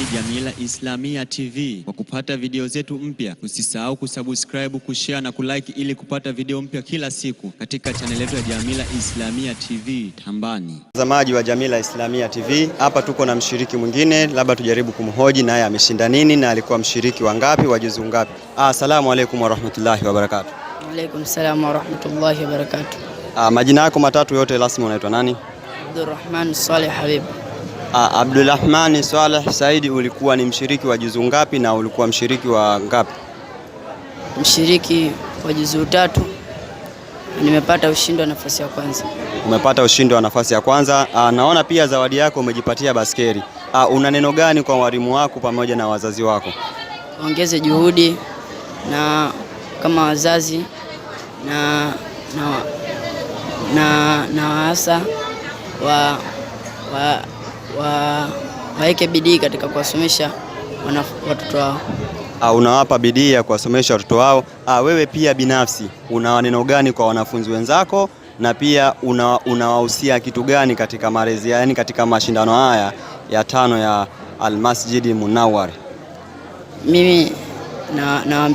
ni Jamila Islamia TV. Kwa kupata video zetu mpya, usisahau kusubscribe, kushare na kulike ili kupata video mpya kila siku katika channel yetu ya Jamila Islamia TV Tambani. Mtazamaji wa Jamila Islamia TV, hapa tuko na mshiriki mwingine, labda tujaribu kumhoji naye ameshinda nini na alikuwa mshiriki wangapi wa juzu ngapi. Asalamu ah, alaykum barakatuh. Wa Alaykum salaam wa barakatuh. Ah, majina yako matatu yote rasmi unaitwa nani? Abdurrahman Saleh Habib. Ah, Abdurahmani saleh Saidi, ulikuwa ni mshiriki wa juzu ngapi na ulikuwa mshiriki wa ngapi? Mshiriki wa juzu tatu. Nimepata ushindi wa nafasi ya kwanza. Umepata ushindi wa nafasi ya kwanza. Aa, ah, naona pia zawadi yako umejipatia baskeli. Ah, una neno gani kwa walimu wako pamoja na wazazi wako? Ongeze juhudi na kama wazazi na, na, na, na waasa wa, wa wa, waweke bidii katika kuwasomesha watoto wao. Ha, ah, unawapa bidii ya kuwasomesha watoto wao. Ha, ah, wewe pia binafsi una neno gani kwa wanafunzi wenzako na pia unawahusia una kitu gani katika malezi, yani katika mashindano haya ya tano ya Almasjidi Munawar? Mimi nawaambia na